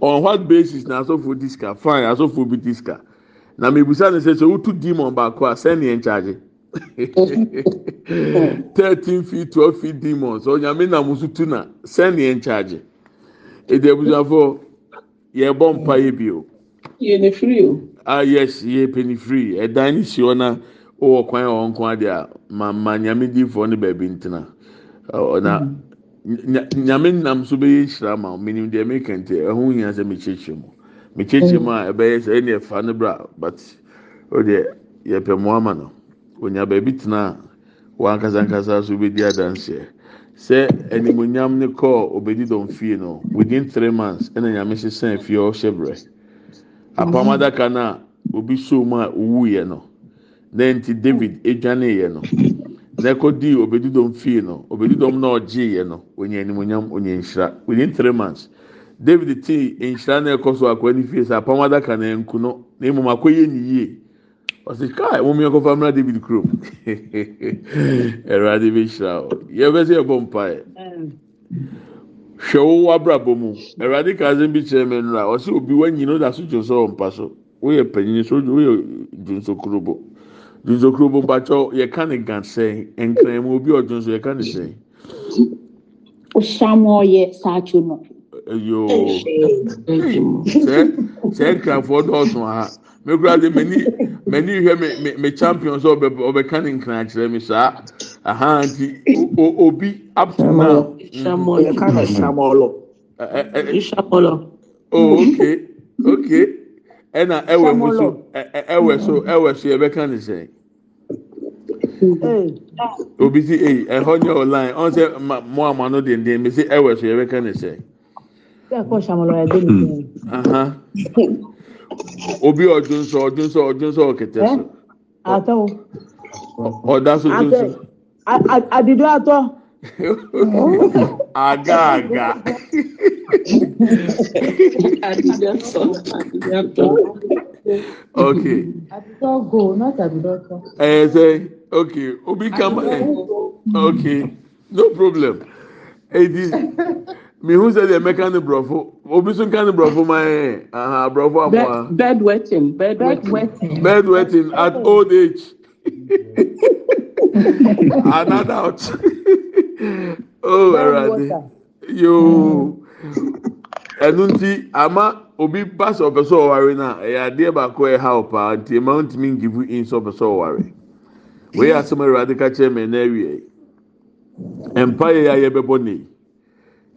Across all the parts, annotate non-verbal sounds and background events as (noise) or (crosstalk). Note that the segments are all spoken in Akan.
on what basis na asɔfo diska fine asofo bi diska na mebusa ne sɛ sɛ wotu demon baako a send ne nkyagye (laughs) thirteen feet twelve feet demons so onyame nam tu na send e ne nkyagye edi abusuafo yɛ bɔ mpa yɛ bi o. yɛ ne firi o. ah yes yɛ pɛ free firi ɛdan ne si hɔ na ɔwɔ kwan a ɔnko adeɛ a ma ma nyame diifoɔ ne baabi ntena ɔna. nyame nam so bɛɛ hyira ma mnimdeɛ meknteoa sɛ mkykyr m kkrm ayɛɛf ɛdeɛyɛpɛmoama no ɔabaabi tenaa nkasankasa sbɛdi adanseɛ sɛ nimonyam n kɔɔ ɔbɛdi dɔfie no witi 3 mnth ɛna yame syesan fie ɔhyɛbrɛ apam daka no a ɔbi so mu a ɔwuɛ no nanti david dwaneɛ no na di, obedidom fii no obedidom na ɔgye yɛ no onye animonyam onye nhyira within three months david ti nhyira na ɛkɔ so akɔ ne fie sɛ apam adaka na nku no na emu akɔ yɛ ne yie ɔsi kaa ɛmu mi ɛkɔfa mura david kurom ɛwurade (laughs) bi hyira o yɛbɛ sɛ ɛbɔ mpaeɛ hwɛ wo abrabɔ mu ɛwurade kaazin bi kyerɛ mɛ nura ɔsi obi wa nyina ɔda so dwonso wɔ mpa so woyɛ panyin so woyɛ dwonso kurobo. Dizokuro Bobacho, you can't say, and claim will be your Jones, you can't say. Osamoye Sachuno. Yo, sɛ nkrafoɔ dɔɔso ha mekura de mani mani hwɛ me me champions ɔbɛ ɔbɛka ne nkran kyerɛ mi saa aha nti o obi up to now. Samuel yɛ ka na Samuel. Samuel. Oh okay okay ɛna ɛwɔ mu so ɛwɔ so ɛwɔ so yɛ bɛka ne sɛn obi si eyi ɛhɔ nyɛ ɔlan ɔn sɛ mo a mo ano denden mi si ɛwɔ so yɛbɛ ka ne sɛ. obi ɔdun sɔ ɔdun sɔ ɔdun sɔ ɔkɛtɛ so. atɔ o. ɔda so dun so. adidu atɔ. aga aga. adidu atɔ adidu atɔ. okay. adidu go not adidu atɔ okay obi kama ẹ okay no problem edi mihu sẹ deɛ mɛka ne borɔfo obi nso nka ne borɔfo ma ɛ aha borɔfo amoa bed wetting bed wetting bed wetting at old age (laughs) Another. adult (laughs) oh ɛwurade yoo ɛnu nti ama obi ba sɛ ɔpɛ sɛ ɔware na ɛyɛ adeɛ baako ɛha ɔpaa nti ɛma ntumi ngibu in sɛ ɔpɛ sɛ ɔware wei asɛm awurade ka kyerɛ me na awie mpaeɛ a yɛbɛbɔ ne yi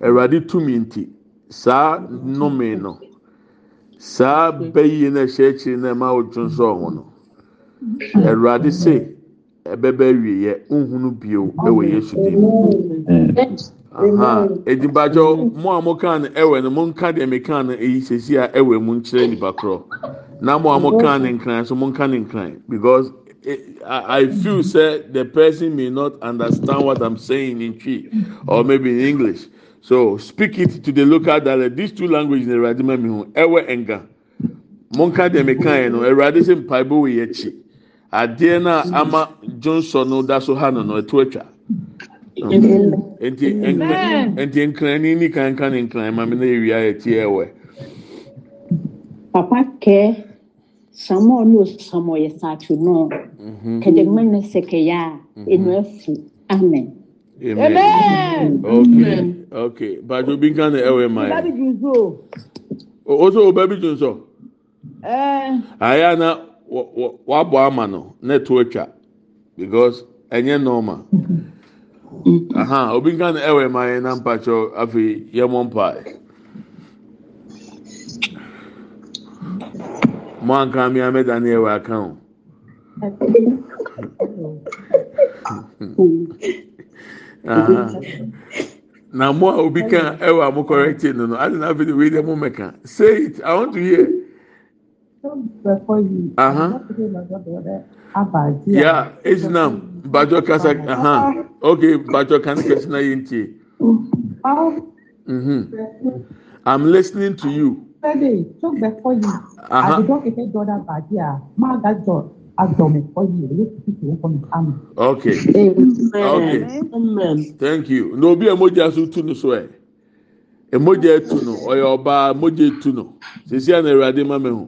awurade tumi nti saa nnome no saa bɛyie no ɛhyɛ akyiri no ɛma wotwe nsɔɔ ho no awurade se ɛbɛbɛ awieɛ nhunu bio ɛwɔ yesu din mu mo a mo kan no no mo nka deɛ mi kan no eyi sesi a ɛwɔ mu nkyerɛ nipa korɔ na mo a mo kan no nkran so mo nka no nkran because. Eh, I, feel said the person may not understand what I'm saying in Chi or maybe in English. So speak it to the local dialect. These two languages in the Radima Mihu, Ewe Enga. Monka de Mekano, Eradism Paibu Yechi. Adiena Ama Johnson, no, that's Ohano, no, Twitcher. Enti nkrani ni kankan nkran maame na ewia eti ewe. Papa kee. samo no samo yɛ saakyo no kɛdɛgma na sɛ kɛyɛ a ɛnu afu amen. Amen. Amen. Okay. Okay. Bàjọ́ bí nǹkan kan ẹ wẹ̀ máa yẹ. Bàbí jù sọ. O sọ e. o bàbí jù sọ. Ayé àná wàá bọ̀ àmà nọ nẹ́ẹ̀tì ọ̀twa because ẹ̀yẹ nọ́ọ̀mà. Obi nǹkan ni ẹ wẹ̀ máa yẹ ná mpàkyọ́ afei yẹ mọ́ mpàá. mo ankan mi amẹ́ta ni ẹ wà o. na mo a obi kan ẹ mo correcting e no no adi na fi de wei mo meka. say it i want to hear. Uh-huh. Yeah, Islam. Bajo kasa. Uh-huh. Okay, Bajo kan kasa na yinti. Ah. mm mm-hmm. I'm listening to you. fede togbẹkọ yìí àdìdọ́kẹ̀kẹ́ dọ́dà bàdíà máa gàjọ agbọ̀mọ̀kọ yìí olókìkí tó ń kọ́ mi àmì. ok ok thank you na obi emoja so tunu so ẹ emoja etu no ọyọ ọba emoja etu no sisi ana ma me hu.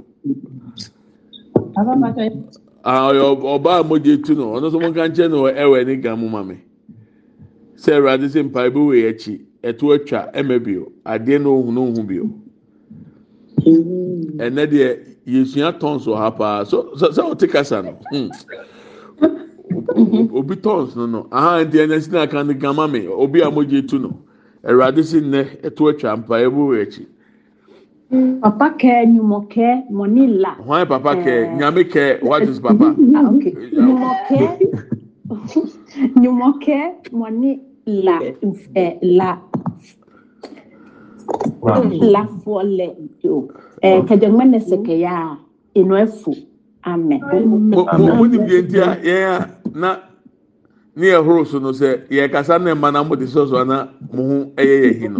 ọyọ ọba emoja etu no ọno so mo nka nkyɛn no ɛwɔ ɛni gan mu mami sɛ ewurade mpa ebe wei akyi ɛto atwa ɛmɛ bio adeɛ na ohun na ohun bio. ɛnɛ deɛ yɛsua tons wɔ ha paa so sɛ ɔte kasa no obi tons no no aha nti ɛnɛ si na aka ne gama mi obi a mo gye tu no ɛwurade si nnɛ ɛto atwa mpa ɛbu wɔ akyi. papa kɛ nyumɔ kɛ mɔni la. hwan papa kɛ nyame kɛ what is papa. nyumɔ kɛ nyumɔ mɔni la ɛ eh, la. lafoɔ lɛ o ɛɛ kɛgyɛnma na sekeya inu efu amen. mo ni bie nti a yɛn a na ne yɛ horo so no sɛ yɛ kasa ne mma na mo de sɔsɔ na mo ho ɛyɛ e yɛ hi no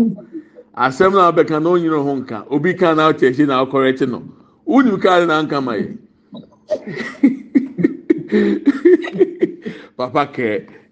asem na abɛka na onyini ho nka obi kan na ɔkyɛ ɛkyɛ na ɔkɔrɔ ɛkyɛ no wunim kaa na nka ma (laughs) papa ke.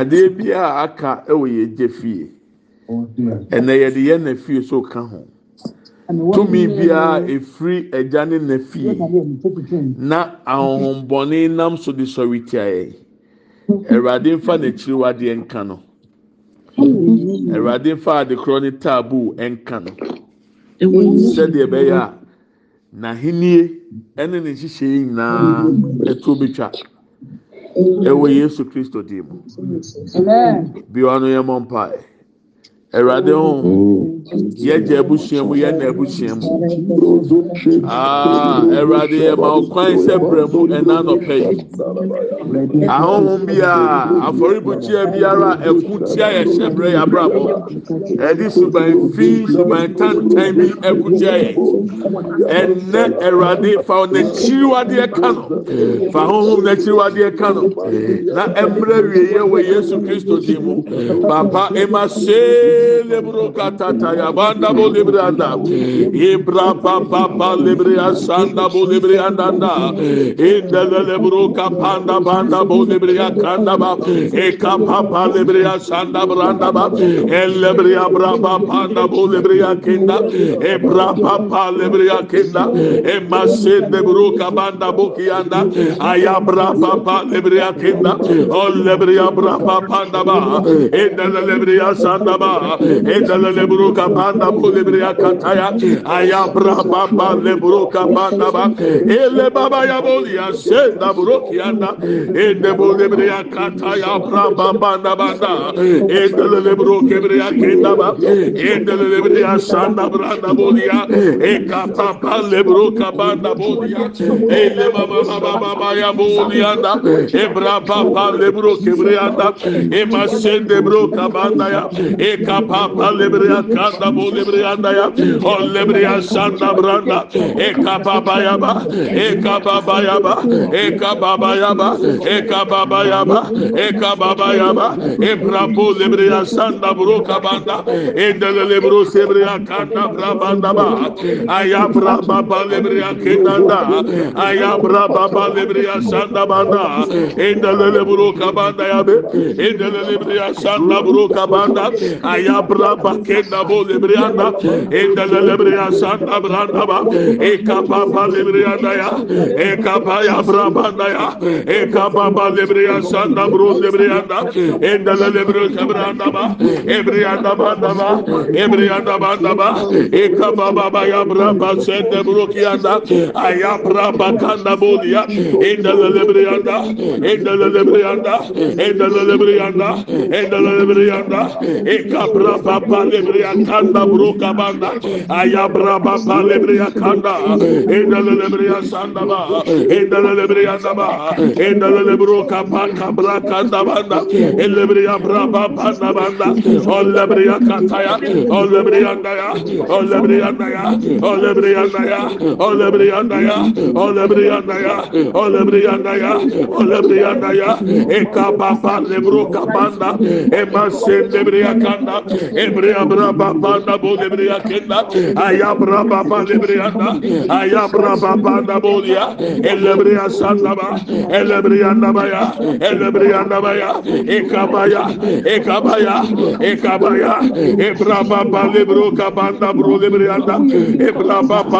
adeɛ bi a aka wɔ yɛn gye fie ɛnna yɛde yɛn na fie so ka ho tumi biara uh, efiri ɛgya ne na fie na ahohombɔne nam so de sɔre tia yɛ awurade nfa n'akyiri wadeɛ nka no awurade nfa adekorɔ ne taaboo nka no sɛdeɛ ɛbɛyɛ a n'ahenie ne ne nhyehyɛ nyinaa ɛto bi twa. ɛwɔ yesu kristo dii mu biawa no yɛmɔ mpaɛ Awurade ho yɛgye abusua mu yɛ na abusua mu aa Awurade yɛ ma ɔkwan sɛ brɛ mu ɛna nɔpɛ yi ahohom bi a afɔrebukyia biara ɛku tia yɛ hyɛ brɛ yɛ abrabɔ ɛde suban fi suban tantan bi ɛku tia yɛ ɛnɛ Awurade fa n'akyiriwadeɛ ka no fa ahohom n'akyiriwadeɛ ka no na ɛmbrɛ wie yɛ wɔ Yesu Kristo di mu papa ɛma see. lebro katata ya banda bo libre anda ibra pa pa pa libre asanda bo libre andanda inde lebro kapanda banda bo libre akanda ba e kapa pa libre asanda branda ba el libre abra pa panda bo libre akinda e bra pa pa libre akinda e masin lebro kabanda bo kianda ayabra pa pa libre akinda o libre abra pa panda ba inde libre asanda ba Edele lebru kapanda bu lebriya kataya. Ayabra baba lebru kapanda ba. Ele baba ya bol ya senda buruk yanda. Ede bu lebriya kataya bra baba na banda. Edele lebru kebriya kenda ba. Edele lebriya sanda bra na bol ya. Eka baba lebru kapanda bol ya. Ele baba baba baba ya bol yanda. Ebra baba lebru kebriya da. Ema sende bro kapanda ya. Eka kapampa lebriya kanda bu lebriyanda ya o lebriya sanda branda e kapapa ba, e kapapa yaba e kapapa yaba e kapapa yaba e kapapa ba, e brapo lebriya sanda bro kabanda e dele lebro sebriya kanda brabanda ba aya brababa lebriya kendanda aya brababa lebriya sanda banda e dele lebro kabanda ya be e dele lebriya sanda bro kabanda aya abra bakenda bo lebrianda enda la lebria santa branda ba e kapa ba lebrianda ya e kapa ya brabanda ya e kapa ba lebria santa bro lebrianda enda la lebria branda ba ebrianda banda ba ebrianda ba e kapa ba ba ya braba sende bro kianda aya braba kanda bo ya enda la lebrianda enda la lebrianda enda la lebrianda enda la lebrianda e kapa ayabra baba lebriya kanda bruka banda ayabra baba lebriya kanda endale lebriya sandaba endale lebriya zaba endale lebruka banka braka banda elebriya braba banda banda olebriya kataya olebriya daya olebriya daya olebriya daya olebriya daya olebriya daya olebriya daya olebriya daya ekapa banda lebruka banda emasen lebriya kanda ebria brababaabebrakeda ayabrabaalébra ayabraaaaba elebrasaba elerabaya elrabaya ikabaya e ikabayakabaya e e rbaaerkaa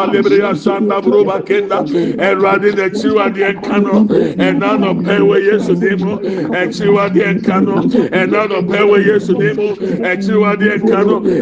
raaarsbbakda eladiiaka ena yesu m eia a ea yes m ɛsiriwadeɛ nka no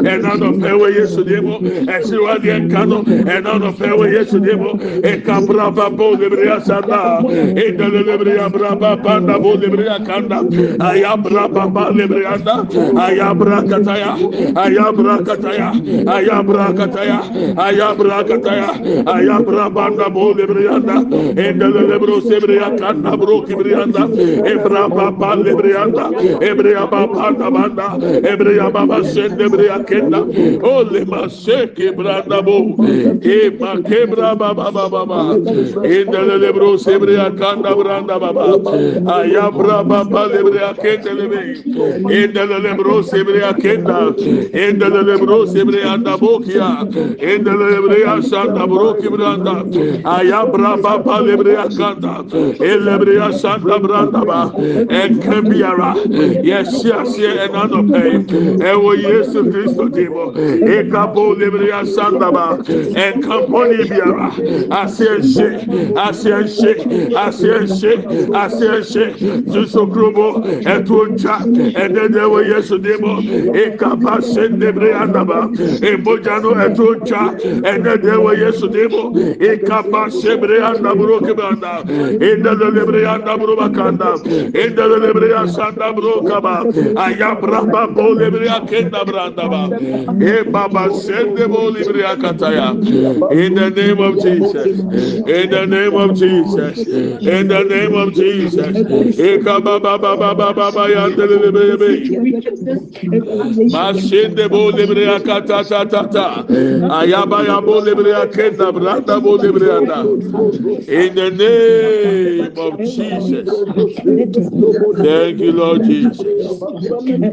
ɛna nɔfɛ wɔ yesu deɛ mu ɛsiriwadeɛ nka no ɛna nɔfɛ wɔ yesu deɛ mu ekabraba bo lebere asanda edele lebere abraba panda bo lebere akanda ayabraba ba lebere anda ayabra kataya ayabra kataya ayabra kataya ayabra kataya ayabra banda bo lebere anda edele lebere sebere akanda bro kibere anda ebraba ba lebere anda ebraba panda banda ebraba masende briakenda ole maseke branda bo e ma kebra baba baba ba enda le bro sebre akanda branda baba ayabra baba le briakenda le be enda le bro sebre akenda enda le bro sebre anda bokia enda le bre asanda bro kibranda ayabra baba le briakanda bre briasanda branda ba ekembiara yes yes and another pay ɛwɔ yesu kristo di mu ekapo lebriya sandaba ɛnkampɔni e biara asiɛnse asiɛnse asiɛnse asiɛnse susokrobo e ɛtuntwa ɛdɛdɛ ɛwɔ yesu di mu ekapa se lebriya daba ebojano ɛtuntwa e ɛdɛdɛ ɛwɔ yesu di mu ekapa se lebriya daburo kibanda ɛdɛdɛ lebriya daburo bakanda ɛdɛdɛ lebriya sandaburo kaba ayabraba bo lebriya kenda branda ba e baba sende bo libri akataya in the name of Jesus in the name of Jesus in the name of Jesus e ka baba baba baba ya ndele libri be ma sende bo libri akata ta ta ta ayaba ya bo libri akenda branda bo libri anda in the name of Jesus thank you Lord Jesus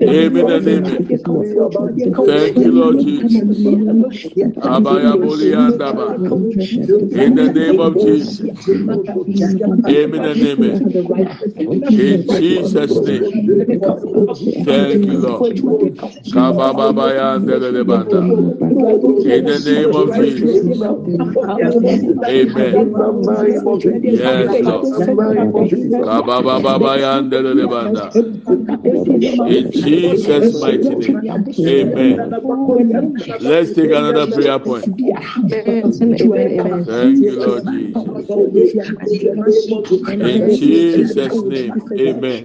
amen and amen Thank you, Lord Jesus. In the name of Jesus. Amen and amen. In Jesus' name. Thank you, Lord. In the name of Jesus. Amen. Yes, Lord. In Jesus' mighty name. Amen. Let's take another prayer point. Thank you, Lord Jesus. In Jesus' name, Amen.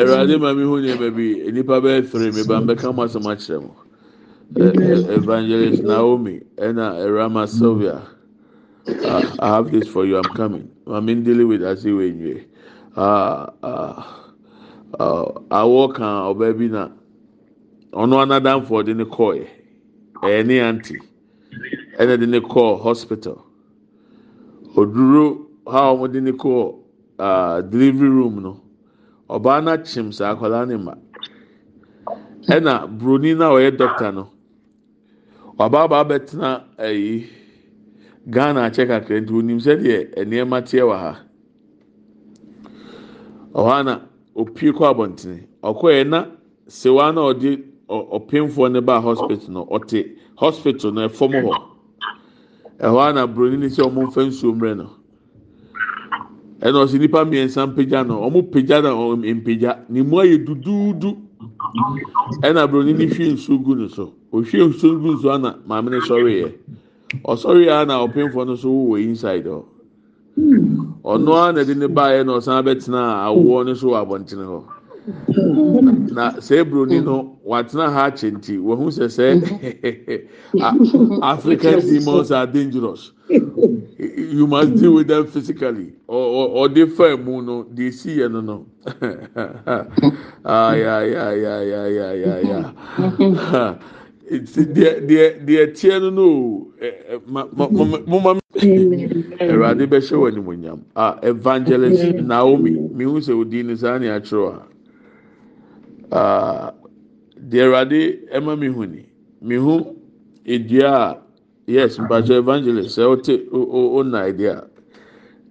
Eradi, màmí hù ní ẹ̀bẹ̀ bíi nípa bẹ́ẹ̀ fèrè mi bá ń bẹ́ Evangelist Naomi ẹ̀nà ẹ̀rọ̀amá Sylvia I have this for you I'm coming. I'm in délé with àti ìwé awọ ka ɔbaa bi na ɔno anadanfoɔ de ne kɔɔɛ eh, ɛyɛ ne aunty ɛna de ne kɔɔ hospital oduro ha wɔn de ne kɔɔ delivery room no ɔbaa na kyim saa akwadaa ne ma ɛna broni na ɔyɛ doctor no wabaaba abɛtena ɛyi eh, ghana akyɛ kakra nti onim sɛdeɛ nneɛma teɛ wɔ ha. ɔhɔ ana opie kɔ abɔntene ɔkɔɛ na sewa na ɔde ɔpemfoɔ ne ba hospital no ɔte hospital no ɛfɔm hɔ ɛhɔ ana broni ne sɛ ɔmo nfa nsuo mmerɛ no ɛna ɔsi nipa mmiɛnsa mpegya no ɔmo pagya na mpagya ne mu ayɛ duduudu ɛna broni ne hwie nsuo gu ne so ohwie nsuo gu ne so ana maame ne sɔre yɛ ɔsɔre yɛ ana ɔpemfoɔ no so wɔ inside hɔ. ɔno ara na ɛde ne baeɛ na ɔsan bɛtena awoɔ no so wɔ abɔntene hɔ na sɛ buroni no watena ha akyɛ nti wɔhu sɛ sɛ african demons are dangerous you must deal with them physically ɔde fa mu no de esi yɛ no no ayayayayayaya deɛ deɛ deɛ teɛ no no o eh, eh, ma ma ma mo ma mi awurade bɛhyɛ wɔ animonyam a ah, evangelist naomi mihu sɛ odi ne saa ne akyerɛw ah. ah, a deɛ awurade ɛma mi hu ni mihu edua a yes mpatsɛ evangelist sɛ ɔte o o na edi a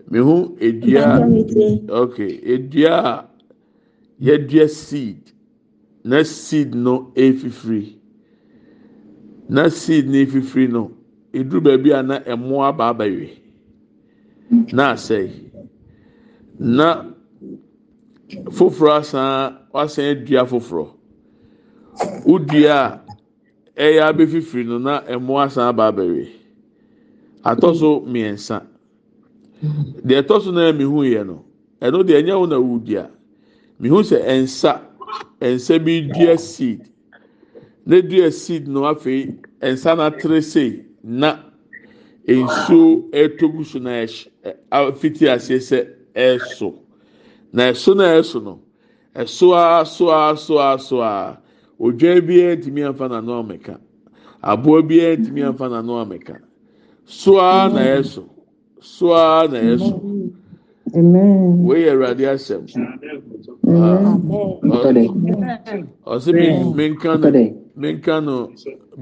mihu edua okay edua a yɛdua seed na seed no efifiri. na seed ni efifiri no eduru baabi a na ɛmo aba abawie na asɛe na foforɔ asan wasan dua foforɔ wodua a ɛyɛ abɛfifiri no na ɛmo asan aba abawie atɔ so mmiɛnsa deɛ ɛtɔ so na mihu yɛ no ɛno deɛ ɛnyɛ wo na wodua mihu sɛ ɛnsa ɛnsa bi dua seed. nɛdua sed no afei ɛnsa na tre sɛi na nsuo tɔbu so naɛhy fiti aseɛ sɛ ɛso na ɛso na ɛso no ɛsoa sasa so a ɔdwaa biaa ntumi amfa nanomka aboa biaa ntumi amfa nanmka soaa naɛs sa naɛs wi yɛ awurade asɛmsa menka no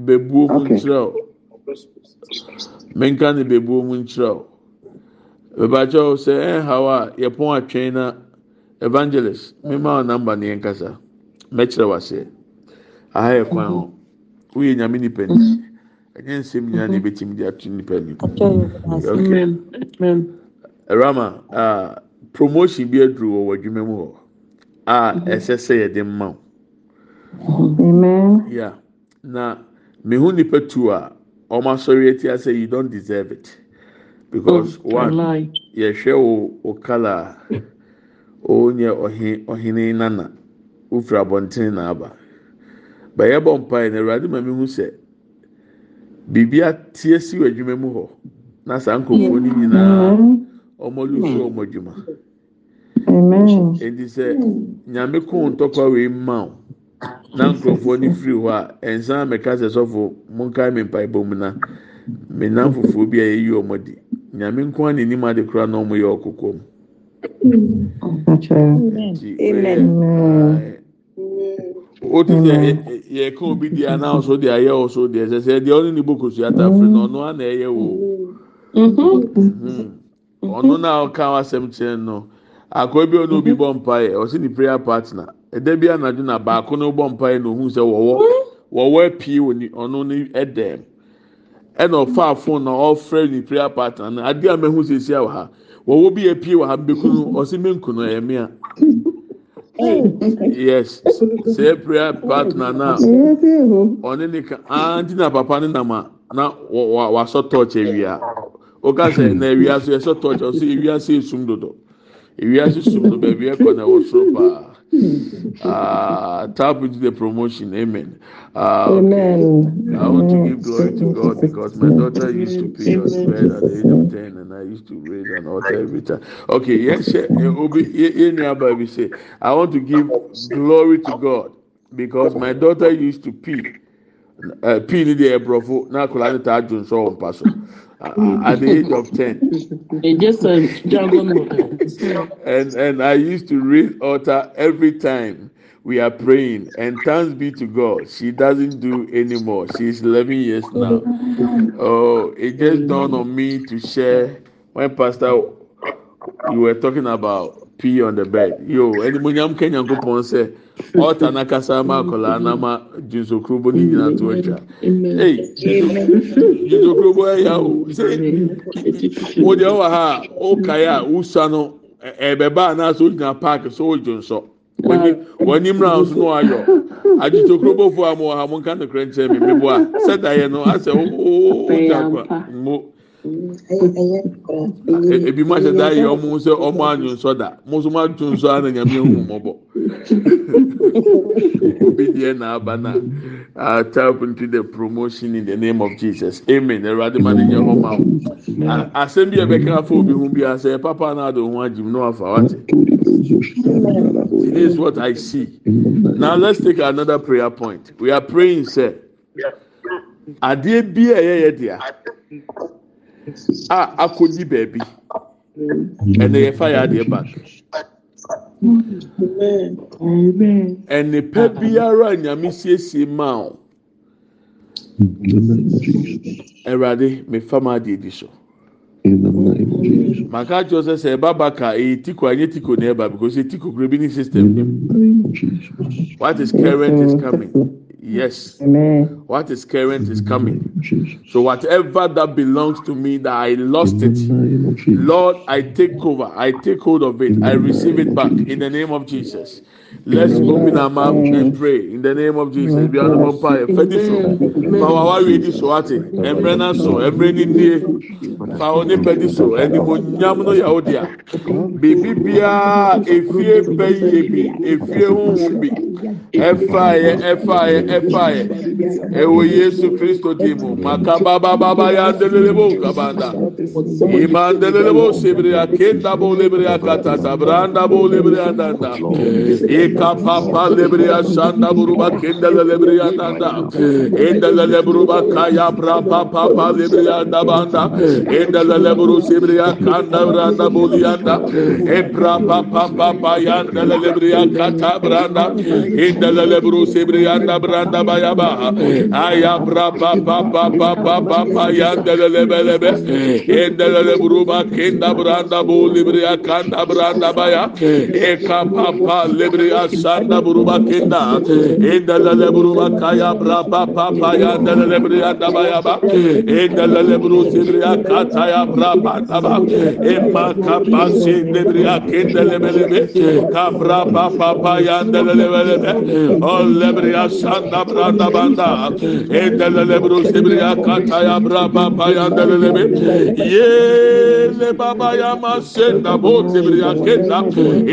bebuo mu nkyerɛ o menka no bebuo mu nkyerɛ o bɛbàkyɛ o sɛ ɛnhaw eh, a yɛpɔn atwɛn na evangelist mema o namba ne yɛn kasa mɛkyerɛ waseɛ aha yɛ kwan ho woyɛ nyame nipa ni ɛnyɛ nsɛm nyinaa na ebɛtumi de ato nipa ni eh, rama a ah, promotion bi aduru wɔ wɔ adwuma mu hɔ a mhm. ɛsɛ sɛ yɛde mma o. Amen. Yeah. Na mehu nipa tu a ọma sọrọ eti ase you don't deserve it because oh, one yɛhwɛ o, o kala onyɛ ɔhen ɔhene nana ofura abɔnten na aba bɛyɛ bɔ mpae na awurade ma mehu sɛ biribi atie si wɔ adwuma mu hɔ na saa nkurɔfoɔ no nyinaa ɔmo lusu ɔmo adwuma. Amen. Edi sɛ nyame kóo ntɔkwa wee mma o. na nkurɔfoɔ no firi hɔ a ɛnsan mɛka sɛ sɔfo monkae me mpaebɔ mu na me nam foforɔ bi a yɛyi ɔmo di nyame nko a n'anim ade kora na ɔmo yɛ ɔkoko mu. o ti sɛ yɛ ka obi di ana ɔso deɛ ayɛ ɔso deɛ ɛsɛ sɛ deɛ ɔne ne bokosi ata firi na ɔno ana ɛyɛ wo mm-hmm. hmm. ɔno na ɔka asɛm kyerɛ no akɔrɔ bi ɔno obi bɔ mpaeɛ ɔsi ne prayer partner. ɛda bi anadwo na baako na bɔ mpaeɛ na ohun sɛ wɔwɔ wɔwɔ apii wɔ ɔno ne ɛdɛm ɛna ɔfa phone na ɔfrɛ ni prayer partner na adeɛ a mɛhu sisi wɔ ha wɔwɔ bi apii wɔ ha mbɛkunu ɔsi mbɛnkunu ɛyɛ mia (laughs) yes sɛ prayer partner na ɔne ne ka aunty na papa ne nam a na wɔ wasɔ torch awia oga sɛ na awia so yɛsɔ torch ɔsi awia si esum dodo awia si sum do baabi ɛkɔ na ɛwɔ soro paa. uh, tap into the promotion. Amen. Uh, Amen. I want to give glory to God because my daughter used to pay us bread at the age of 10 and I used to raise an altar every time. Okay, yes, we eh, say, I want to give glory to God because my daughter used to pee. Uh, pee in the air, bravo. Now, Kulani Tajun saw on Paso. at the age of 10. just a and, and I used to read altar every time we are praying. And thanks be to God, she doesn't do anymore. She's 11 years now. Oh, it just dawned on me to share when Pastor, you were talking about pee on the bed yo ɛnumunyam ka nyankopɔn sɛ ɔta na kasa ama akɔla na ma jinsokurobo ne nyinaa to atwa ee jinsokurobo ɛya o sɛ mo deɛ ɔwɔ ha a ɔkae a wusa no ɛbɛba anaasɛ ogyina park so ɔgyo nsɔ wani mmeran so no ayɔ agyinsokurobofo a mo wɔ ha mo nka no kura nkyɛn mi mi bo a sɛ dayɛ no asɛ ɔwɔ ɔwɔ ɔwɔ ɔwɔ ɔwɔ ɔwɔ ebi mu ahyɛ daa yi ɔmo sɛ ɔmo anyu nsɔ da mo nso mo atu nsɔ ana nyame ehu mo bɔ obi deɛ na aba na uh, tap into the promotion in the name of jesus amen ɛwurade ma ne nyɛ hɔ ma o asɛm bi a bɛka afɔ obi ho bi asɛ papa na ado ho agyim no afa wate this is what i see now let's take another prayer point we are praying sɛ adeɛ bi a ɛyɛ yɛ dea. a akɔdi baabi ɛna yɛfa yɛ adeɛ back ɛne pɛ biara nyame siesie maa o ɛwurade mefa ma adeɛ di so maka kyerɛ sɛ sɛ ɛba baka ɛyɛ tiko anyɛ tiko na ɛba because ɛyɛ tiko kuro bi ne system what is current is coming. Yes. Amen. What is current is coming. So whatever that belongs to me that I lost it, Lord, I take over. I take hold of it. I receive it back in the name of Jesus. Let's move in our mouth and pray in the name of Jesus. Bi anum ọpa ẹfẹ Fire. so, fàwọn awa wi di so ati, ẹmẹrẹ náà so, ẹmẹrẹ ni nie, fàwọn onípẹ di so, ẹni mo nyam no yàwó di a. Bèbí bíá efie bẹ́yẹ bi, Fire. huhu Fire. ẹfa Fire. ẹfa yẹ, ẹfa yẹ, ẹwọ Yéésù Kristo di mu, màkà bábábábá yá ndélélébó nkàbàndà, ìmà ndélélébó sèbìrì àkéńdàbó lébìrì àkàtàtà, bìrì àndàbó lébìrì àndàndà, ìk. kapapa lebriya şanda buruba kinda lebriya nanda enda lebruba kaya brapa papa lebriya da banda enda lebru sibriya kanda branda buliyanda e brapa papa bayan lebriya kata branda enda lebru sibriya da branda bayaba aya brapa papa papa papa yan lebelebe enda lebruba kenda branda bulibriya kanda branda baya e kapapa lebriya ya sanda buruba kenda endalale buruba kaya brapa papa ya endalale briya daba ya ba endalale buru sibriya kata ya brapa daba emma kapa sinde briya kendale belebe kabra papa pa ya endalale belebe olle briya sanda branda banda endalale buru sibriya kata ya brapa pa ya endalale be ye le baba ya masenda bo sibriya kenda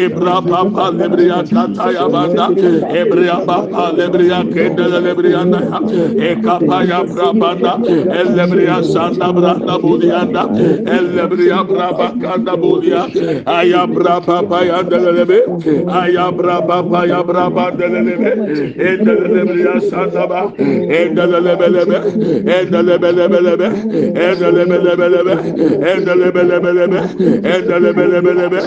ebra papa lebriya kata Antaya banda Ebria baba lebria kendele lebria na ekapa ya brabanda elebria sanda branda budianda elebria braba kanda budia aya braba pa ya delebe aya braba pa ya braba delebe endele lebria sanda ba endele lebe lebe endele lebe lebe lebe endele lebe lebe lebe endele lebe lebe lebe endele lebe lebe lebe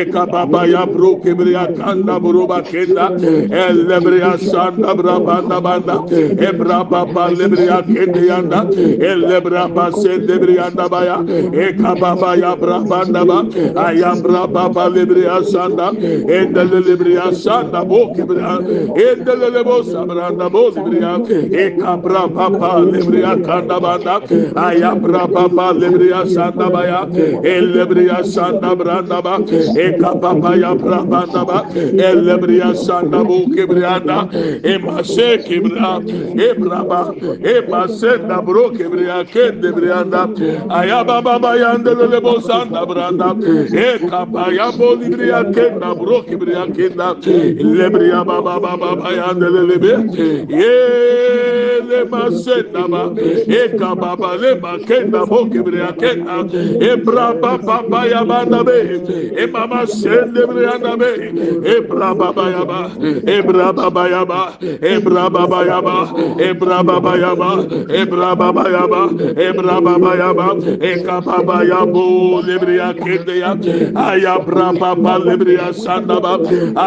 ekapa pa ya bro kebria kanda buruba bakenda ellebriya sanda brabanda banda ebra baba lebriya kendi yanda ellebra basende briyanda baya ekababa ya brabanda e ba ayabra e baba lebriya sanda endele lebriya sanda bo kebriya endele lebo sabranda bo lebriya ekabra baba lebriya kanda banda ayabra baba lebriya sanda baya ellebriya sanda branda ba ekababa ya brabanda ba elle Ebria sanda bu kebriada. Emase kebria. Ebraba. Emase da bro kebria kende brianda. Ayaba baba yandele lebo sanda branda. E ya bo libria kenda bro kebria kenda. Lebria baba baba yandele lebe. Yeah lema senda ba e kaba ba lema kenda bo kebre akenda e bra ba ba ba ya ba na be e mama sende bre na be e bra ba ba ya ba e bra ba ba ya ba e bra ba ba ya ba e bra ba ba ya ba e bra ba ba ya ba e bra ba ba ya ba e kaba ba ya bo lebre akende ya aya bra ba ba lebre sanda ba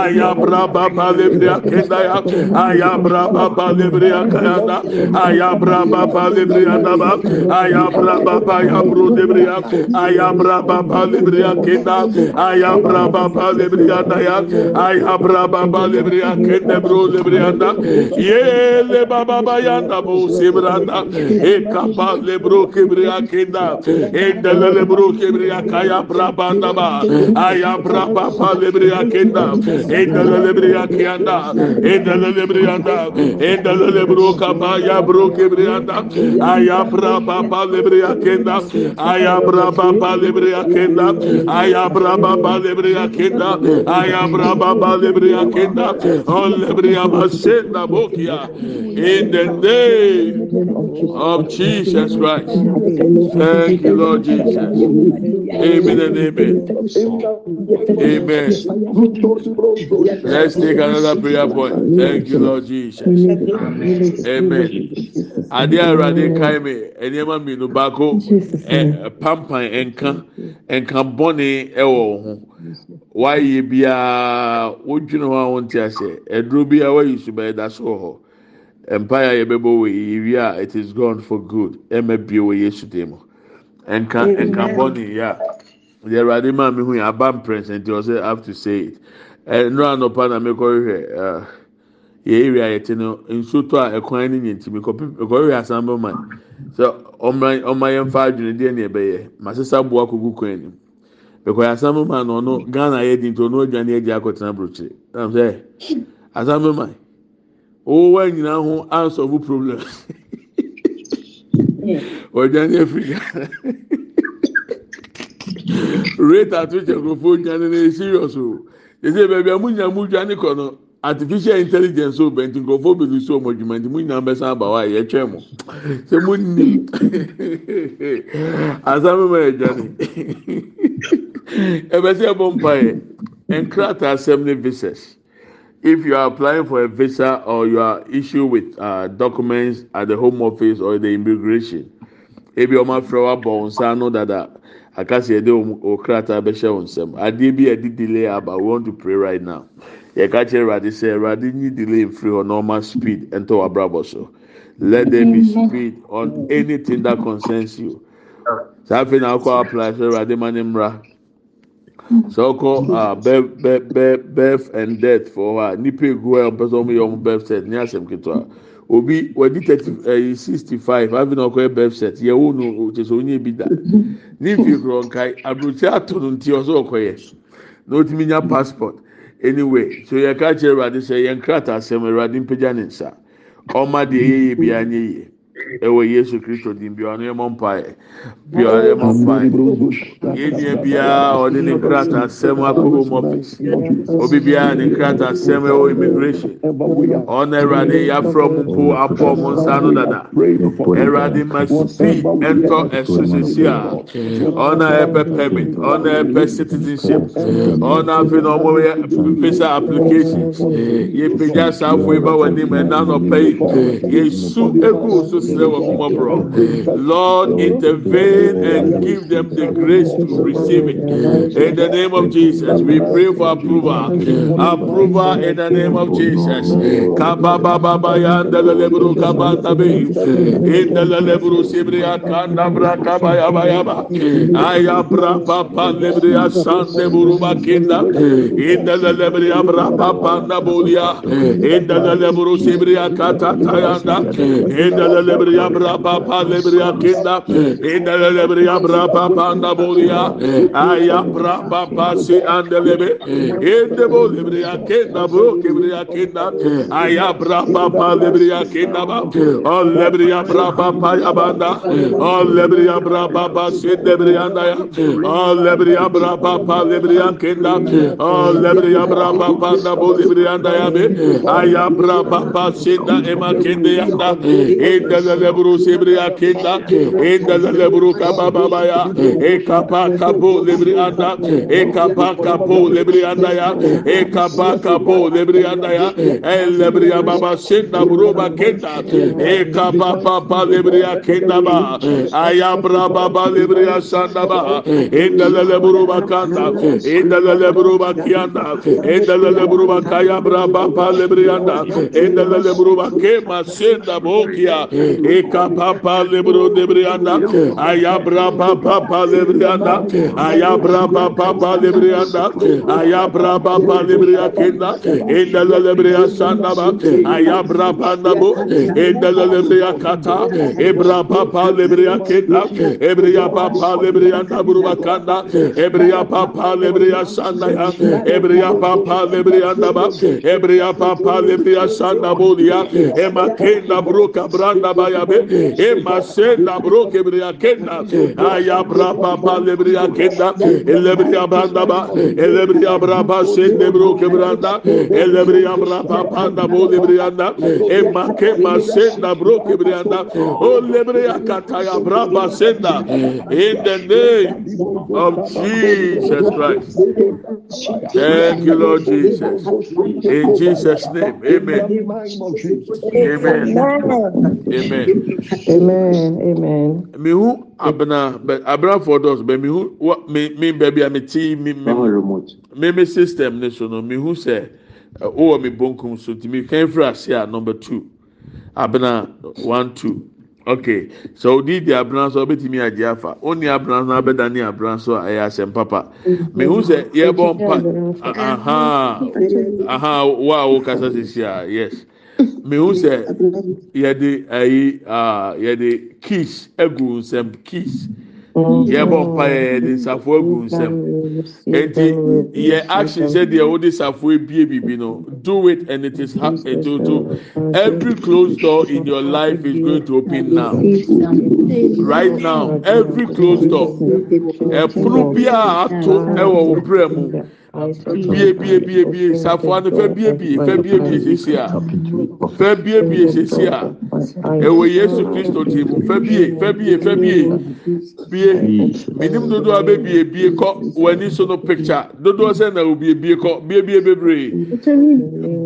aya bra ba ba lebre akenda ya aya bra ba ba lebre akenda ayabra babalebriaaba ayabra bapayaroera ayra baaerakea ayabra baaleraaya ayarabaae rakerraa yelebababayadaosibraa ekabalebrokebrakeda dle broeriakayaraaaa ayabra apalerakeda e raka ayabro kebrianda ayabra baba lebria kenda ayabra baba lebria kenda ayabra baba lebria kenda ayabra baba lebria kenda on oh, lebria basenda bokia in the name of Jesus Christ thank you Lord Jesus amen and amen amen let's take another prayer point thank you Lord Jesus amen adeɛ awurade nkae me nneɛma mmienu baako pampan nka nka bɔne wɔ wo ho wayɛ biara wodwene ho a wonte aseɛ aduro biara wayi so bɛyɛ da so wɔ hɔ mpaeɛ a yɛbɛbɔ wɔ yɛwie a it is gone for good ɛma bie wɔ yesu dan mu nka nka bɔne yɛ a deɛ awurade maa me hu yɛ aba mprɛnsa nti ɔsɛ i have to say it nnura anɔpa na mekɔhwehwɛ ɛɛ. Ah, yɛ area te no nsuo tɔ a ɛkwan nyɛ ntumi asambo ma sɛ yɛn fa adwene deɛ ne ɛbɛyɛ ma sisa boa kogu kwan no ɛkɔyɛ asambo man no ɔno ghana yɛ di nti ɔno adwane yɛ di akɔtena asambo ma owó ho problem ɔdwane efiri ghana rate ato kyɛ nkurɔfoɔ dwane serious o oh. yɛ sɛ a mo nya mo dwane kɔ no. artificial intelligence o bẹnti nkurɔfoɔ bebree so ɔmo adwuma nti mu nyinaa bɛsan aba hɔ a yɛtwɛn mo sɛ mo ni asan mɛma yɛ gya ni ɛbɛ sɛ ɛbɔ mpa yɛ nkrataa asɛm ne visas if you are applying for a visa or you are issued with uh, documents at the home office or the immigration ebi ɔmo afrɛ wa bɔ nsa no dada akasi yɛ de okrataa bɛhyɛ wɔn nsam adeɛ bi yɛ di delay aba we want to pray right now yɛka kyerɛ awurade sɛ awurade nyi delay mfiri hɔ normal speed ɛntɔ w'abrabɔ so let there be speed on anything that concerns you saa afei na akɔ apply sɛ awurade ma ne mmra sɛ ɔkɔ ah, birth and death for hɔ a nipa egu a e, ɔmpɛ sɛ ɔmo yɛ ɔmo birth set ne asɛm ketewa obi wadi thirty eh, sixty five afei na ɔkɔ yɛ e birth set yɛ wo no kyesɛ onye bi da ne nfi korɔ nkae aburokyi ato no nti ɔsɛ ɔkɔ yɛ na otumi nya passport anyway so yɛ ka kyerɛ awurade sɛ yɛn krataa sɛm awurade mpagya ne nsa ɔma deɛ yɛyɛ biara nyɛ yie ɛwɔ yesu kristo din bi ɔno ɛmɔ mpaeɛ bi ɔno ɛmɔ mpaeɛ yɛnua biara ɔde ne krata asɛm akɔhɔ mu ɔfis obi biara ne krata asɛm ɛwɔ immigration ɔno ɛwurade yafrɛ mu mpo apɔ mu nsa no dada ɛwurade ma speed ɛntɔ ɛso sisi a ɔno ɛbɛ permit ɔno ɛbɛ citizenship ɔno afei na ɔmo yɛ visa applications yɛpagya saa afɔ yi ba wɔ anim ɛna nɔpɛ yi yɛsu egu oso Lord, intervene and give them the grace to receive it. In the name of Jesus, we pray for approval. Approval in the name of Jesus. Ayabra papa lebria of inda lebria brapa panda bolia inda lebriya brapa pa lebriya kinda inda lebriya brapa pa anda bolia eh. aya brapa pa si anda lebe eh. inde bo lebriya kinda bo lebriya kinda eh. aya brapa pa lebriya kinda ba o oh, lebriya brapa pa ya banda oh, si lebriya anda ya o oh, lebriya brapa pa lebriya kinda o lebriya brapa pa anda anda ya be aya brapa si ema kinda ya da inde la lebru sebri akinda enda la lebru kababa ya e kapa kapo lebri anda e kapa kapo lebri anda ya e kapa kapo lebri anda ya e lebri baba senda buru kenda e kapa papa lebri akinda ba ayabra baba lebri asanda ba enda la lebru bakanda enda la lebru bakianda enda la lebru bakaya bra baba lebri anda enda la lebru bakema senda bokia Eka papa lebro debrianda. Ayabra papa lebrianda. Ayabra papa lebrianda. Ayabra papa lebria kenda. Enda la lebria sanda ba. Ayabra panda bo. Enda la lebria kata. Ebra papa lebria kenda. Ebria papa lebrianda burubakanda. Ebria papa lebria sanda ya. Ebria papa lebrianda ba. Ebria papa lebria sanda bolia. Ema kenda bruka branda ba ayabe e masenda bro kebriya kenda ayabra papa lebriya kenda elebriya banda ba elebriya braba sende bro kebranda elebriya braba panda bo lebriyanda e make masenda bro kebriyanda o lebriya kataya braba senda in the name of Jesus Christ. Thank you, Lord Jesus. In Jesus' name, amen. Amen. Amen. amen amen. Amen. mihu abena abrafo dɔs bɛ mihu wa mi mi bɛbi a mi ti mi mi mi system ne so no mihu sɛ wowɔ uh, oh, mi bonkum so ti mi kɛn fira ase a uh, number two abena one two okay so odi di abena so ɔbɛtumi agye afa oni abena so abɛda ne abena so ɛyɛ asɛm papa mihu sɛ yɛ bɔ mpa aha aha wa a wo kasa sisi a ah, yes mehu sɛ yɛde ayi yɛde kiss egu nsɛm kiss yɛbɔ mpa yɛde nsafo egu nsɛm eti yɛ action sɛ deɛ wɔde nsafo ebie bibi no do it and it is happen eh, to to every closed door in your life is going to open now right now every closed door ɛpono bi a ato ɛwɔ wɔ brɛ mu bie bie bie bie safoa no fɛ bie bie fɛ bie bie sisi a fɛ bie bie sisi a ɛwɔ yesu kristo ti mu fɛ bie fɛ bie fɛ bie bie minim dodo a bɛ bie bie kɔ w'ani so no picture dodoɔ sɛ na o bie bie kɔ bie bie bebree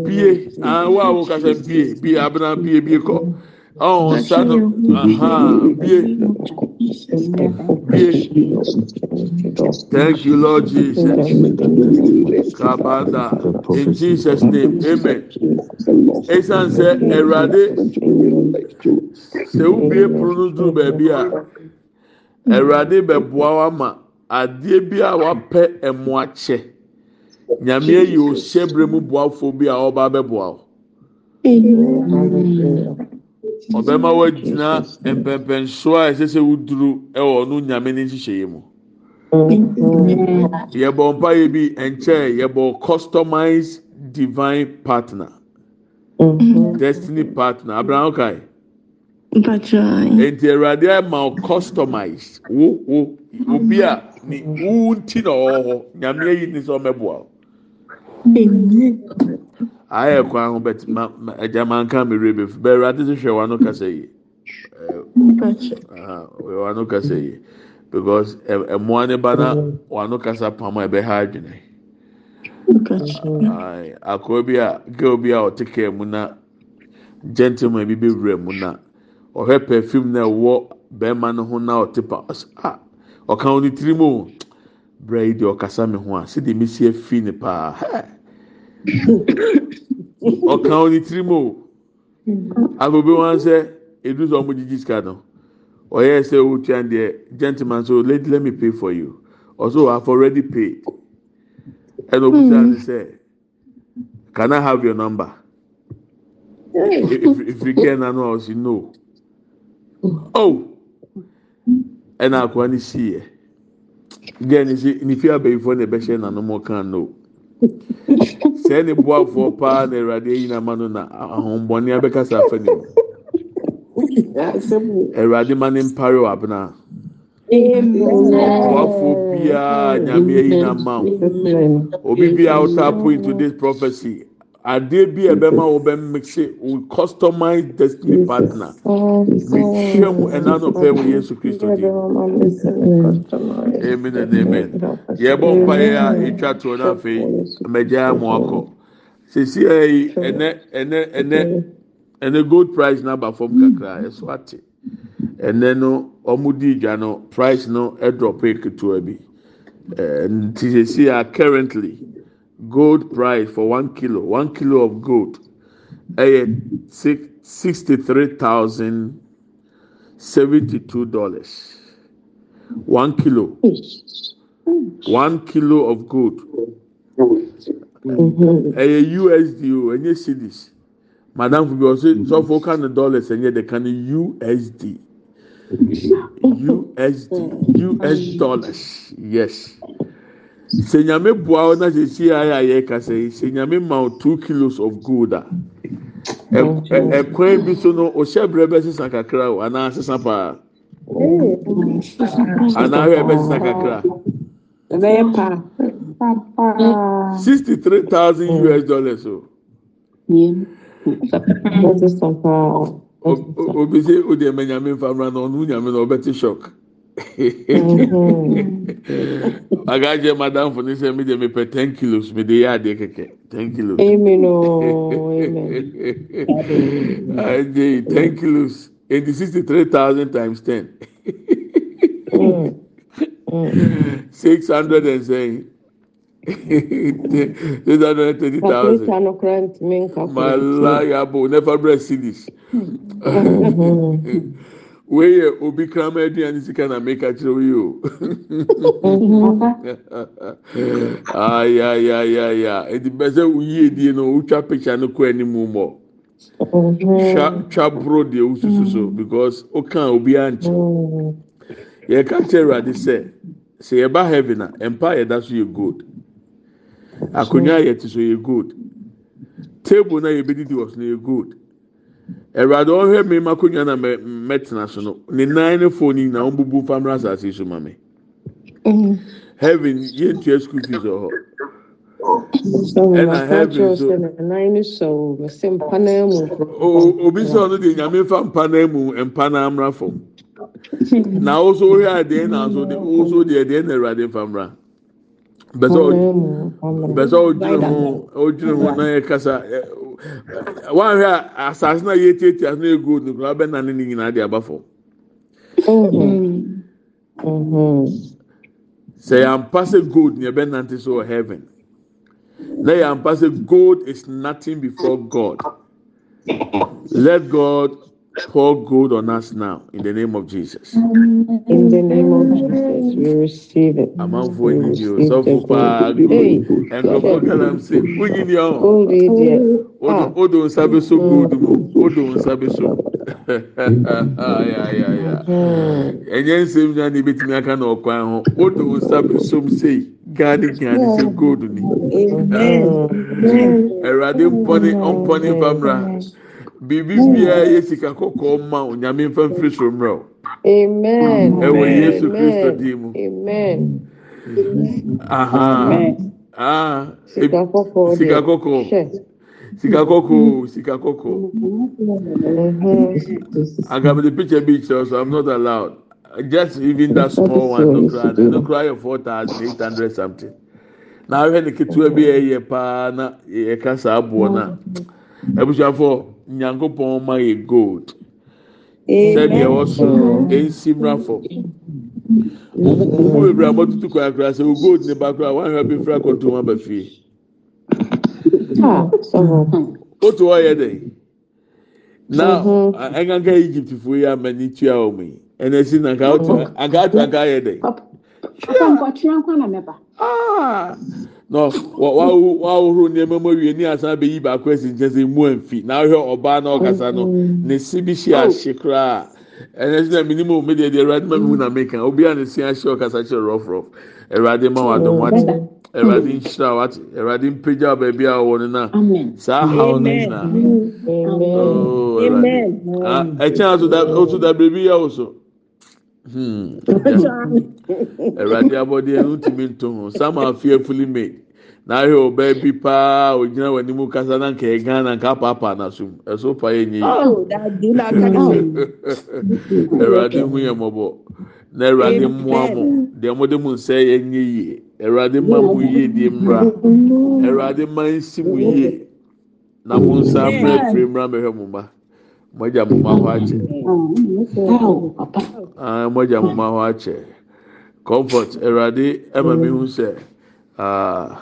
bie awo awo kasa bie bie abena bie bie kɔ. Oh, son of, Aha. Bie. Bie. Thank you, Lord Jesus. Kabada. In Jesus' name. Amen. Esan sɛ Ɛwurade sɛ wubie puru no duru baabi a Ɛwurade bɛboa wa ma adeɛ bi a wapɛ ɛmo akyɛ. Nyame yi o hyɛ bere mu boafo bi a ɔba bɛboa o ɔbɛma wagyina mpɛmpɛnsoɔ a ɛsɛ sɛ woduru ɛwɔ ɔno nyame ne nhyehyɛeɛ mu yɛbɔ mpaeɛ bi nkyɛn yɛbɔ customized divine partner mm-hmm. destiny partner abraham kai nti awurade ama wo customized wo wo obi a ne wo nti na ɔwɔ hɔ nyame ayi ne sɛ ɔmɛboa wo. ayɛ kwan ho bɛt ma ma ɛgya e man ka mi rebe fi bɛrɛ adi ti hwɛ wano kasa yi ɛɛ wano kasa e yi because ɛmoa ne ba na wano kasa pam a ɛbɛ ha adwene akoro bi a girl bi a ɔte kaa mu na gentleman e bi bɛwura mu na ɔhwɛ perfume na ɛwɔ bɛrima no ho na ɔte ah, pa a ɔka wɔn yi deɛ ɔkasa mi ho a mi si efi ne paa ɔka wɔ ne tiri mu o agobe wọn sɛ edu sɛ ɔmo gyigyi sika no ɔyɛ sɛ otua deɛ gentleman so lady let me pay for you also i have pay paid ɛna obi sa ne sɛ can i have your number if you get no a ɔsi no oh ɛna akwa ne si yɛ gɛn ne si ne fi abɛyifoɔ na ɛbɛhyɛ mọ kan no. sɛɛ ne boafoɔ paa na awurade ayi ama no na ahombɔne abɛkasa afa ne mu awurade ma ne mpare wɔ abena boafoɔ biara nyame ayi na ma wo obi biara wota point to this prophecy adeɛ bi a ɛbɛma wo bɛ mixe wo customize destiny partner oh, oh, mehwɛ mu ɛna no pɛ wo yesu kristo di mm. amen and amen yɛbɔ mpaeɛ a to toɔ no afei mmɛgyaa mo akɔ sesi ɛyi ɛnɛ ɛnɛ ɛnɛ ɛnɛ gold price na aba fam kakra ɛso ate ɛnɛ no ɔmo di dwa no price no ɛdrɔpe ketewa bi ɛɛ nti sesi a currently gold price for one kilo one kilo of gold ɛyɛ six sixty three thousand seventy two dollars one kilo one kilo of gold ɛyɛ usd o ɛnyɛ cedis madam fi bi ɔsɛ sɔfo ka ne dollars ɛnyɛ de ka ne usd usd us dollars yes sɛ nyame boa wo na sɛ si ayɛ ayɛ kasa nyame ma wo two kilos of gold a ɛkwan bi so no ɔhyɛ berɛ bɛsesa kakra o anaa sesa paa anaa hwɛ bɛsesa kakra sixty three thousand us dollars o. obi sɛ o deɛ mɛ nyame nfa mura na ɔno nyame na ɔbɛ ti shock. Mm-hmm. agagye madam fo ne sɛ mi de ten kilos mi de yɛ adeɛ kɛkɛ ten kilos. amen ooo oh, amen. agye (laughs) ten kilos eighty sixty three thousand times ten. Mm, mm. six hundred and seven. (laughs) six hundred and thirty thousand. malaya bo never brɛ cedis. (laughs) wei yɛ obi kraman aduane sika na meka kyerɛ wo yi o (laughs) ayayayaya eti bɛ sɛ woyi edie no wotwa picture no kɔ anim mɔ twa twa buro deɛ wosusu so because okan obiara nkyɛn yɛka kyerɛ awurade sɛ sɛ yɛba heaven a mpa yɛda so yɛ gold akonnwa yɛte so yɛ gold table na yɛbɛdidi wɔ so na yɛ awurade ɔhwɛ mi ma akonnwa na mɛtena so no ne nan ne fon yi na ɔbubu famra asase so ma mi mm. heaven yɛntua school fees wɔ hɔ ɛna heaven so obi sɛ ɔno deɛ nyame fa mpanan mu mpanan amra fam (laughs) na ɔso hwɛ adeɛ na ɔso deɛ ɔso deɛ deɛ na awurade famra bẹsẹ ọdún ho ọdún ho náà yẹ kasa wọn ahwẹ asase náà yẹ tietie asase náà yẹ gold nìkan abẹ nane ne nyinaa de aba fọ. Mm-hmm. sɛ yɛampa sɛ gold ne yɛbɛ nante so wɔ heaven na yɛampa sɛ gold is nothing before god let god pour good on us now in the name of Jesus. In the name of Jesus, we receive it. Amanfo enyinyi o sọfún paa ẹnkọfọ kanam sè wúnyìnì ọ odò nsábẹsọ gold mu odò nsábẹsọ ẹnyẹ nsẹm nyà ni ebi tìmí aka n'ọkọ ahụ odò nsábẹsọ m sè gaadi gaadi sè gold ni ẹwurade mpọni mpọni famra. biribi biaa yɛ sikakɔkɔɔ maonyamefamfiri ah. uh-huh. so mmerɛ wɔ yesu kristodi muɔɔ akamide pitar birkyrɛo adj00 s naahwɛ no ketea biɛyɛ paa na yɛ ka saaboɔno nyankopɔn ma yɛ gold sɛdeɛ ɛwɔ soro ɛnsi mmerafo mo mu bebree a bɔtutu kɔ akora sɛ o gold ne ba kora wɔn ahwɛ bɛfira kɔntɔn aba fie ah, otu hɔ yɛ dɛ na ɛnkankan egypt fo yi amani tua wɔn yi ɛnna esi na nka aka aka yɛ dɛ. waworo nneɛma ma wie ne asan bɛyi baako asi nkyɛn sɛ mu amfi na ahwɛ ɔbaa na mm-hmm. bi oh. na minimu mm-hmm. o medeɛ deɛ ma na meka obiara ne si ahyɛ ɔkasa kyerɛ rɔfrɔf awurade ma wa dɔm oh, wate awurade mm-hmm. nhyira wate awurade mpagya baabi a ɔwɔ na saa dabere bi ya awurade abɔdeɛ no ntumi nto ho some are fearfully made n'ahɛ ɔbaa bi paa ogyina wɔn anim kasa na nka ɛgan na nka apaapa n'aso ɛso pa yɛ nye yi hu yɛ mɔbɔ na awurade mmoa mo deɛ mo de mo nsa yɛ nye yie awurade ma mo yie die mmra awurade ma nsi mo yie na mo nsa mmerɛ firi mmra mɛhwɛ mo ma moja muma ho akyɛ aa moja muma ho comfort awurade ɛma mi mm-hmm. hu sɛ aa ah,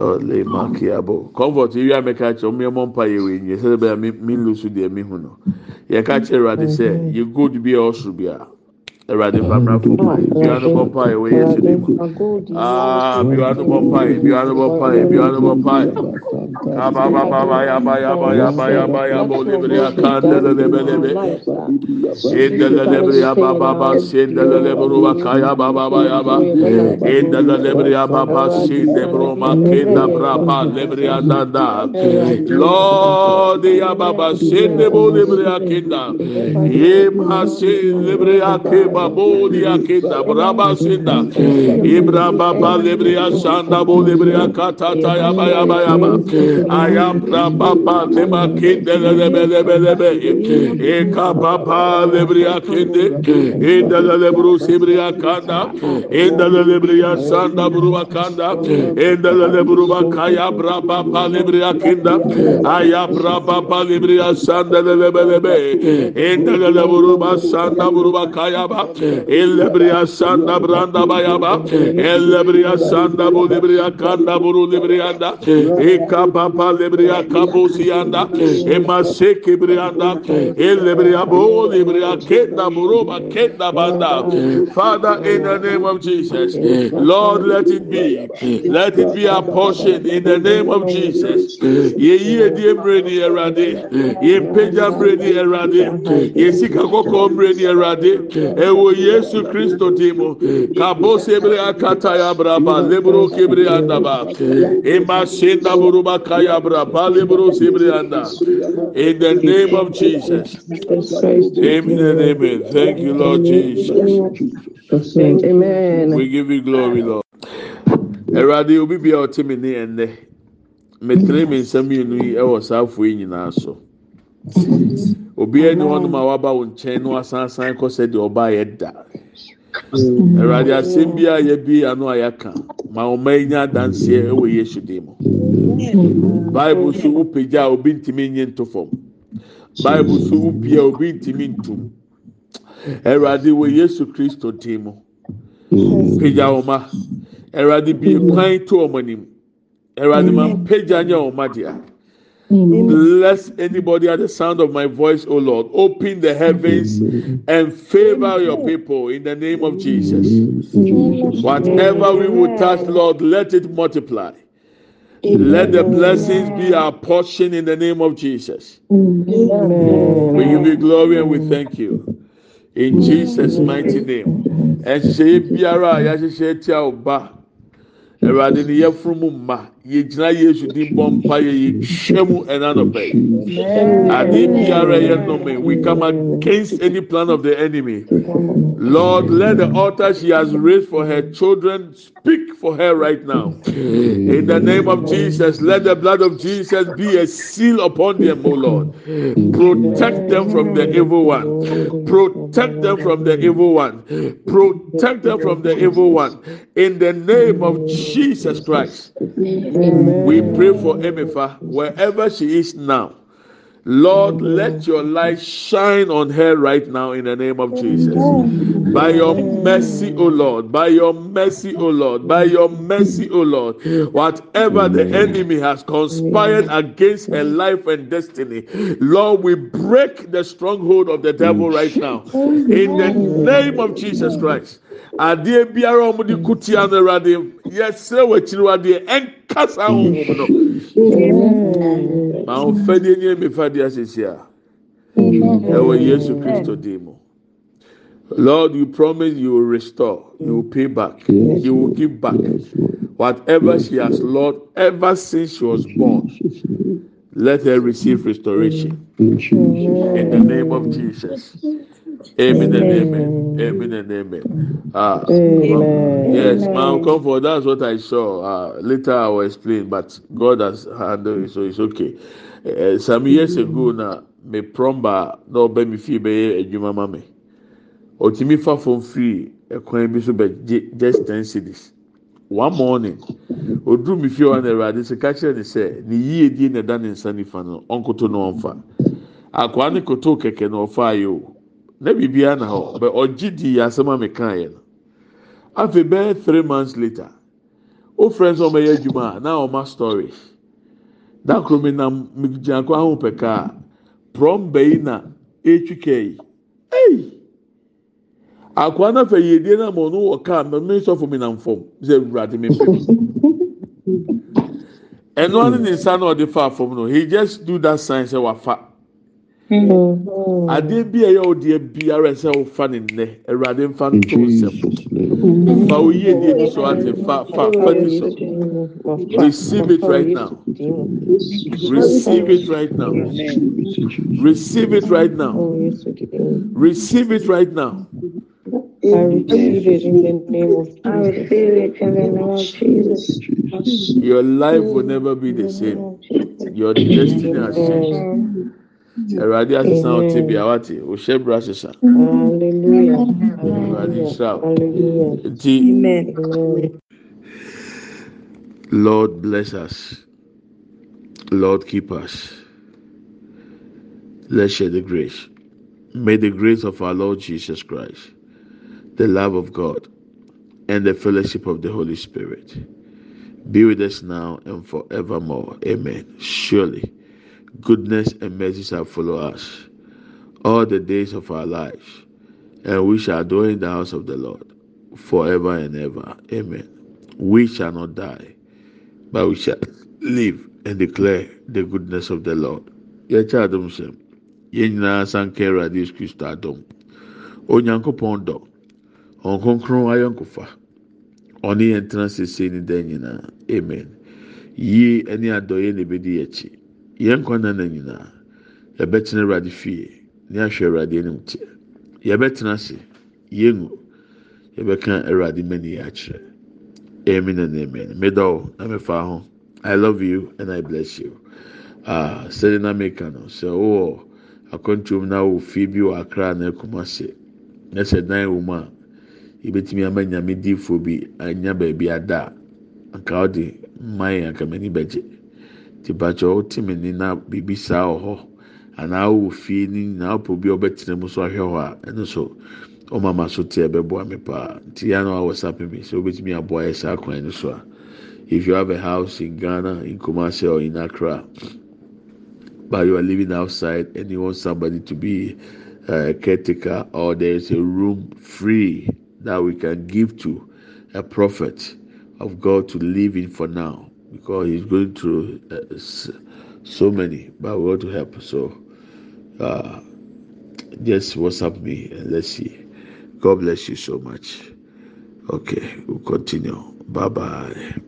ɔle maki comfort ewia mi ka kyɛ ɔmo yɛ mɔ mpa yɛ wɔ enyi sɛ ɛbɛyɛ mi mi lu so mi hu no yɛ ka kyɛ awurade sɛ yɛ gold bi a ɔsoro bi Awurade mpamra fún bíwá ní bọ́ pa ìwé yẹn sílẹ̀ mu. Bíwá ní bọ́ pa yìí, bíwá ní bọ́ pa yìí, bíwá ní bọ́ pa yìí. Kaba ba ba ba ya ba olebere akanda lelebe lebe. Senda baba, ya ba ba ba baba, lelebe ruba kaya baba, ba ba ya kenda brapa lelebe ya Lord ya baba, ba senda bo lelebe ya kenda. Yem babodia kita braba sinda ibra baba lebria sanda bo lebria katata ya ba ya ba ya ba ayam braba de lema kinde de de de e ka baba lebria kinde e da da lebru sibria kanda e da da bria sanda bruba kanda e da da lebruba kaya braba ba lebria kinda aya braba ba lebria sanda de de, e da da lebruba sanda bruba kaya ba bayaba ellebriya sanda branda bayaba ellebriya sanda bu libriya kanda buru libriyanda eka papa libriya kabusi yanda emaseki da ellebriya bu libriya e kenda buruba kenda banda father in the name of jesus lord let it be let it be a portion in the name of jesus Ye edie mbredi erade yepegya mbredi erade ye kɔkɔɔ mbredi erade ewu. wo yesu kristo di m kabose bre akatayabraba lebrokbre andaba ma senaborobaka yɛbraba lebrs bre anda in t nam jsusɛwrade obibia ɔteme ne ɛnɛ metre me nsamyenu i ɛwɔ saafo yi nyinaa so obiara ni hɔnom a waba wo nkyɛn no asansan kɔ sɛ deɛ ɔba yɛ da mm. awurade asɛm bi a yɛbie ano a yɛaka ma ɔma yi nya adanseɛ ɛwɔ yesu dan mu bible so wo pagya a obi ntumi nye nto fam bible so wo bia obi ntumi ntum awurade wɔ yesu kristo dan mu mm. pagya ɔma awurade bie mm. kwan to ɔmo anim awurade ma pagya nyɛ ɔma deɛ. Amen. Bless anybody at the sound of my voice, O Lord. Open the heavens and favor your people in the name of Jesus. Whatever we will touch, Lord, let it multiply. Let the blessings be our portion in the name of Jesus. We you you glory and we thank you. In Jesus' mighty name. And say, Biara, Yashisha Tia Eradin yɛgyina yesu din bɔ mpa yɛ yɛhwɛ mu ɛna nɔpɛ adeɛ biara yɛ nɔmɛ we come against any plan of the enemy lord let the altar she has raised for her children speak for her right now in the name of jesus let the blood of jesus be a seal upon them o oh lord protect them from the evil one protect them from the evil one protect them from the evil one in the name of jesus christ we pray for Emifa, wherever she is now. Lord, let your light shine on her right now in the name of Jesus. By your mercy, O Lord, by your mercy, O Lord, by your mercy, O Lord, whatever the enemy has conspired against her life and destiny, Lord, we break the stronghold of the devil right now in the name of Jesus Christ adeɛ biara a wɔde mm. kutia no awurade yɛsrɛ wɔ akyiri wadeɛ ɛnkasa ahohom mm. no ma ɔmfɛdeɛ ni ɛmɛfa deɛ asɛsi a ɛwɔ yesu kristo din mu Lord, you promise you will restore, you will pay back, you will give back whatever she has lost ever since she was born. Let her receive restoration in the name of Jesus. Amen and amen. Amen and amen. Ah, amen. Yes, my Comfort, that's what I saw. Uh, later I will explain, but God has handled it, so it's okay. Uh, some years ago, na me promba no ọbẹ mi fi bẹyẹ edwuma ma mi. Otimi fa from free ẹkwan bi so bẹ just ten cities. One morning, oduru mi fi ọwọ na ẹwurade sẹ kakyere ni sẹ ni yie di na dan ne nsa nifa no ọnkoto na ọnfa. Akwaa ne koto kẹkẹ na ọfa ayé na biribiara na hɔ bɛ ɔgye di asɛm a mekaa yɛ no afei bɛyɛ three months later o friends a ɔmɛyɛ adwuma a na ɔma story na kuro mi nam mi gyina kɔ ahu pɛkaa prom bɛyi na etwi kaa yi ɛyi akwa na fɛ yie die na ma ɔno wɔ kaa mɛ mi sɔfo mi nam fam sɛ wurade mi pɛ mi (laughs) ɛnua ne ne nsa na ɔde fa fam no he just do that sign sɛ wafa. Mm-hmm. adeɛ bi a ɛyɛ wo deɛ biara sɛ wofa no nnɛ awurade mfa ntoo sɛm fa woyini di so at a pati so reveit righ now receve it right now receive it right now receive it right now v edesti awurade asesa ɔte bia wate ɔhyɛ bra sesa awurade hyira nti lord bless us lord keep us let's share the grace may the grace of our lord jesus christ the love of god and the fellowship of the holy spirit be with us now and forevermore amen surely goodness and mercy shall follow us all the days of our life, and we shall dwell in the house of the Lord forever and ever. Amen. We shall not die, but we shall live and declare the goodness of the Lord. Yechadum adom sɛm yɛn nyinaa sanka awurade yesu kristo adom onyankopɔn dɔ ɔn oni ayɔnkofa ɔne yɛn tena sesei amen yie ne adɔeɛ na yechi. yɛn nkwanna e e na nyinaa yɛbɛtena awurade fie ne ahwɛ awurade anim teɛ yɛbɛtena ase yɛngu yɛbɛka awurade mani akyerɛ amen and amen medaw na mefa ho i love you and i bless you ah sɛde na meka no sɛ wowɔ akɔntuom na wɔ fie bi wɔ akra na akoma se na sɛ dan wɔ mu a yɛbɛtumi ama nyame diifoɔ bi anya baabi ada a anka wode mma yɛn akamani bɛgye tibakyɛ ɔtimi ni na biribi saa wɔ hɔ anaa ɔwɔ fie ni nyinaa ɔpɔ bi ɔbɛtena mu so ahwɛ hɔ a ɛno so ɔmama so teɛ bɛboa mi paa nti ya na wɔ sapi mi sɛ ɔbɛtumi aboa yɛ saa kwan so a if you have a house in Ghana in Kumasi or in Accra but you are living outside and you want somebody to be a caretaker or there is a room free that we can give to a prophet of God to live in for now because he's going through uh, so many, but we want to help. So uh, just WhatsApp me and let's see. God bless you so much. Okay, we'll continue. Bye bye.